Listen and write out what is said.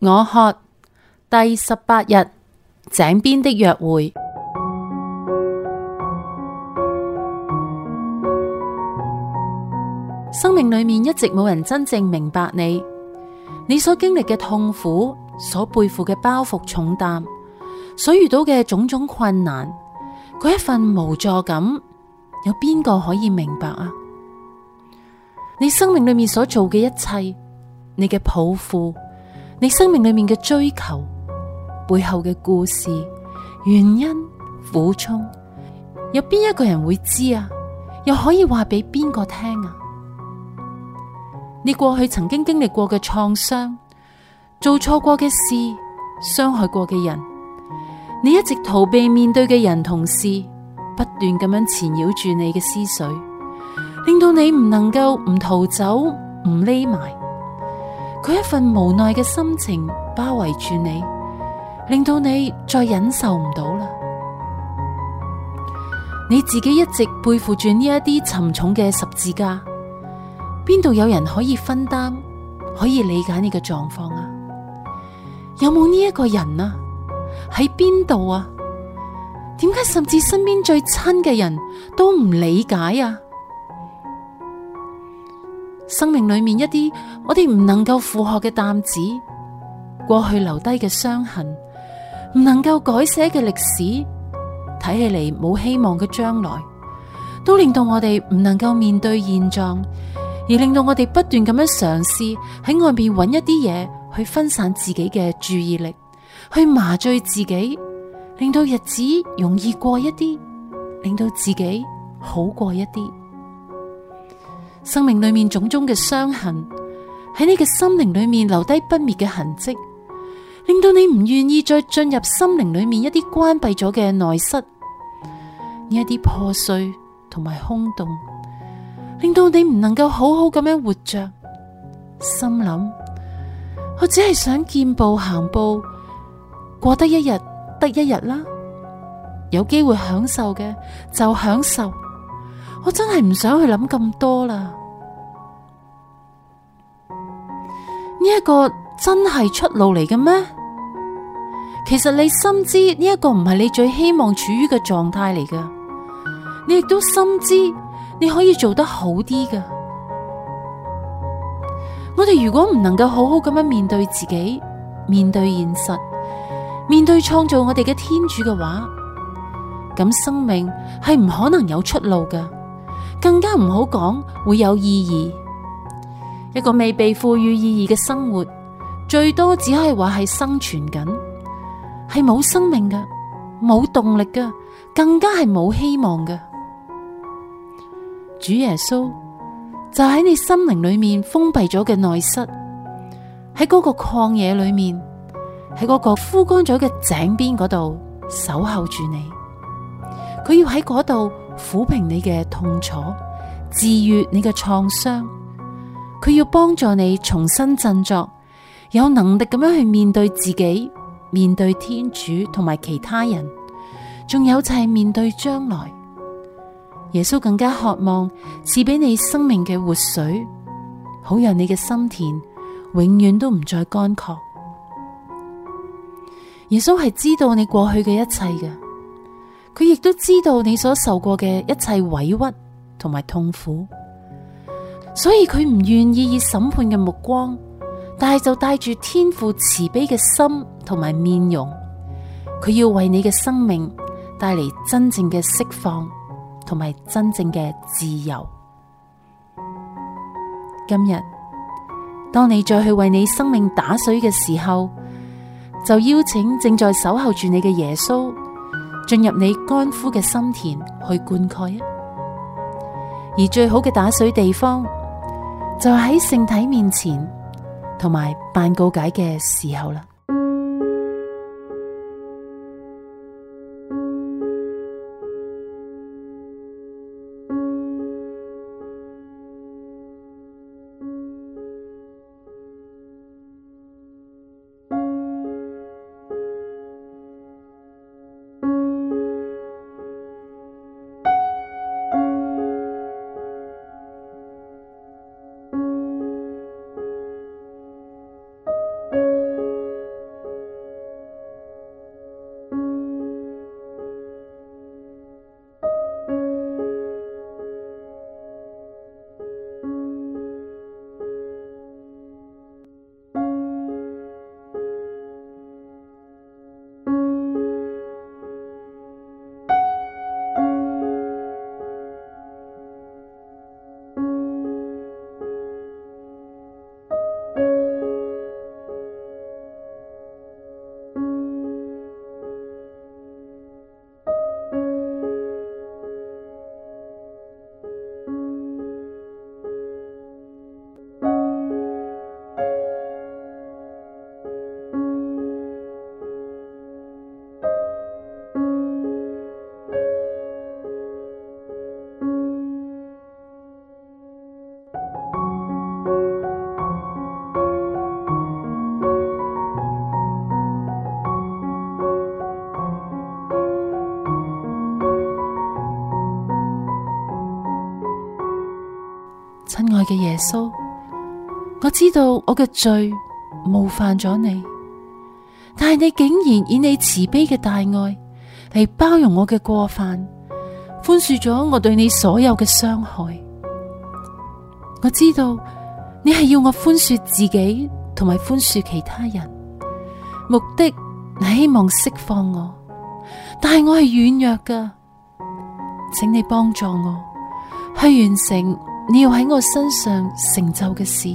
我渴第十八日井邊的約會。生命裏面一直冇人真正明白你，你所經歷嘅痛苦，所背負嘅包袱重擔，所遇到嘅種種困難，嗰一份無助感，有邊個可以明白啊？你生命裏面所做嘅一切，你嘅抱負。你生命裏面嘅追求，背後嘅故事、原因、苦衷，有邊一個人會知啊？又可以話俾邊個聽啊？你過去曾經經歷過嘅創傷、做錯過嘅事、傷害過嘅人，你一直逃避面對嘅人同事，不斷咁樣纏繞住你嘅思緒，令到你唔能夠唔逃走、唔匿埋。佢一份無奈嘅心情包圍住你，令到你再忍受唔到啦。你自己一直背負住呢一啲沉重嘅十字架，邊度有人可以分擔、可以理解你嘅狀況啊？有冇呢一個人啊？喺邊度啊？點解甚至身邊最親嘅人都唔理解啊？生命裏面一啲我哋唔能夠負荷嘅擔子，過去留低嘅傷痕，唔能夠改寫嘅歷史，睇起嚟冇希望嘅將來，都令到我哋唔能夠面對現狀，而令到我哋不斷咁樣嘗試喺外面揾一啲嘢去分散自己嘅注意力，去麻醉自己，令到日子容易過一啲，令到自己好過一啲。生命裏面種種嘅傷痕，喺你嘅心靈裏面留低不滅嘅痕跡，令到你唔願意再進入心靈裏面一啲關閉咗嘅內室，呢一啲破碎同埋空洞，令到你唔能夠好好咁樣活着。心諗，我只係想見步行步，過得一日得一日啦，有機會享受嘅就享受。我真係唔想去諗咁多啦。呢一個真係出路嚟嘅咩？其實你深知呢一個唔係你最希望處於嘅狀態嚟噶。你亦都深知你可以做得好啲噶。我哋如果唔能夠好好咁樣面對自己、面對現實、面對創造我哋嘅天主嘅話，咁生命係唔可能有出路噶。更加唔好講會有意義，一個未被賦予意義嘅生活，最多只可以話係生存緊，係冇生命嘅，冇動力嘅，更加係冇希望嘅。主耶穌就喺你心靈裏面封閉咗嘅內室，喺嗰個曠野裏面，喺嗰個枯乾咗嘅井邊嗰度守候住你，佢要喺嗰度。撫平你嘅痛楚，治癒你嘅創傷，佢要幫助你重新振作，有能力咁樣去面對自己，面對天主同埋其他人，仲有就係面對將來。耶穌更加渴望賜俾你生命嘅活水，好讓你嘅心田永遠都唔再乾涸。耶穌係知道你過去嘅一切嘅。佢亦都知道你所受過嘅一切委屈同埋痛苦，所以佢唔願意以審判嘅目光，但係就帶住天父慈悲嘅心同埋面容，佢要為你嘅生命帶嚟真正嘅釋放同埋真正嘅自由。今日，當你再去為你生命打水嘅時候，就邀請正在守候住你嘅耶穌。進入你乾枯嘅心田去灌溉啊！而最好嘅打水地方，就喺聖體面前，同埋辦告解嘅時候啦。嘅耶穌，我知道我嘅罪冒犯咗你，但係你竟然以你慈悲嘅大愛嚟包容我嘅過犯，寬恕咗我對你所有嘅傷害。我知道你係要我寬恕自己同埋寬恕其他人，目的係希望釋放我，但係我係軟弱噶，請你幫助我去完成。你要喺我身上成就嘅事。